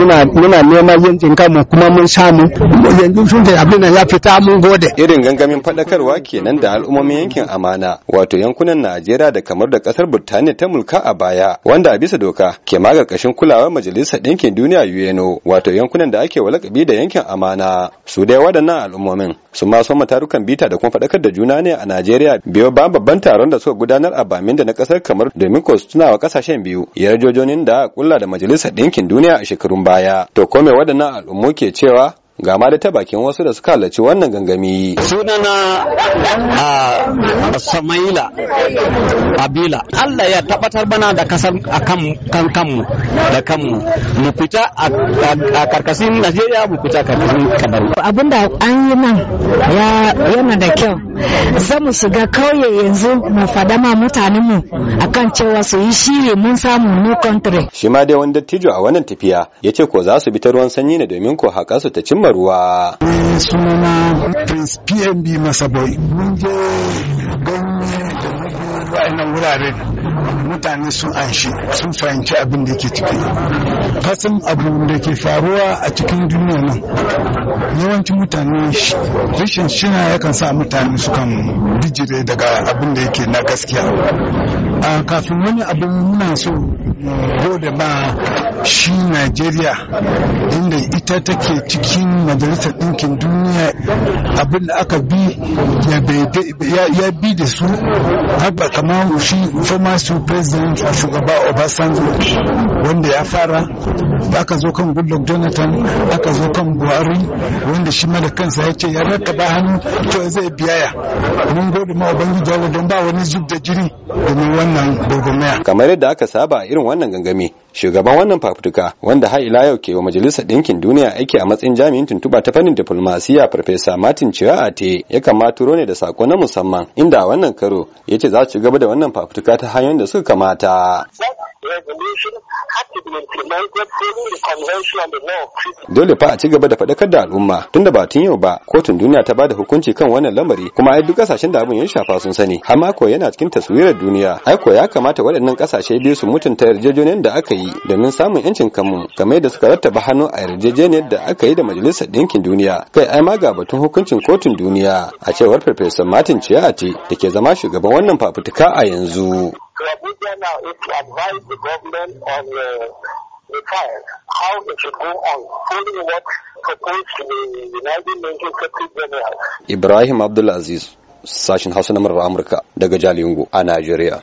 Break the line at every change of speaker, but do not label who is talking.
muna muna neman yankin kanmu kuma mun samu yanzu sun da abin ya fita mun gode irin gangamin faɗakarwa kenan da al'ummomin yankin amana wato yankunan Najeriya da kamar da kasar Burtaniya ta mulka a baya wanda a bisa doka ke ma kashin kulawar majalisar ɗinkin duniya UNO wato yankunan da ake walakabi da yankin amana su dai waɗannan al'ummomin su ma soma tarukan bita da kuma faɗakar da juna ne a Najeriya biyo ba babban taron da suka gudanar a Bamin da na kasar kamar domin ko su tunawa kasashen biyu yarjojonin da a kula da majalisa ɗinkin duniya a shekarun baya baya to kome waɗannan al'ummu ke cewa ga ma da ta bakin wasu da suka halarci wannan gangami
sunana a samaila abila Allah ya tabbatar bana da kasar akan kanmu da kanmu mu fita a karkashin Najeriya mu fita karkashin abin da an yi nan yana da kyau za mu shiga kauye yanzu mu fada ma mutanen mu akan cewa su yi shiri mun samu new country
shi ma dai wani dattijo a wannan tafiya yace ko za su bi ta ruwan sanyi ne domin ko haƙa su ta cimma faruwa.
Sunana Prince PNB Mun je ganye da wa'annan wuraren mutane sun shi sun fahimci abin da ke ciki. fasin abu da ke faruwa a cikin duniya nan yawancin mutane rashin shina yakan sa mutane sukan bijire daga abin da yake na gaskiya. Kafin wani abin muna so gode ma shi najeriya inda ita take cikin majalisar ɗinkin duniya abin da aka bi ya bi da su haɓa kama shi former su president shugaba obasanjo wanda ya fara aka zo kan goodluck jonathan aka zo kan buhari wanda shi da kansa ya ce ya ba, hannu to zai biyaya mun gode ma ubangiji don ba wani zub da jiri domin wannan
gurgurmaya kamar yadda aka saba irin wannan gangami shugaban wannan fafutuka wanda har ila yau ke wa majalisar ɗinkin duniya aiki a matsayin jami'in tuntuɓa ta fannin diplomasiya farfesa martin ate ya kamata ne da sako na musamman inda wannan karo ya ce za su gaba da wannan fafutuka ta hanyoyin da suka kamata. Dole fa a ci gaba da faɗakar da al'umma tunda ba tun yau ba kotun duniya ta bada hukunci kan wannan lamari kuma ai duk kasashen da abin ya shafa sun sani amma ko yana cikin taswirar duniya ai ko ya kamata waɗannan kasashe biyu su mutunta yarjejeniyar da aka yi domin samun yancin kanmu game da suka rattaba hannu a yarjejeniyar da aka yi da majalisar ɗinkin duniya kai ai ma ga batun hukuncin kotun duniya a cewar farfesa Martin ce, da ke zama shugaban wannan fafutuka a yanzu. now is to advise the government
on the, the trial, how it should go on, following what proposed to the United Nations Secretary General.
Ibrahim Abdulaziz, sashen Hausa na Amurka daga Jalingo a Najeriya.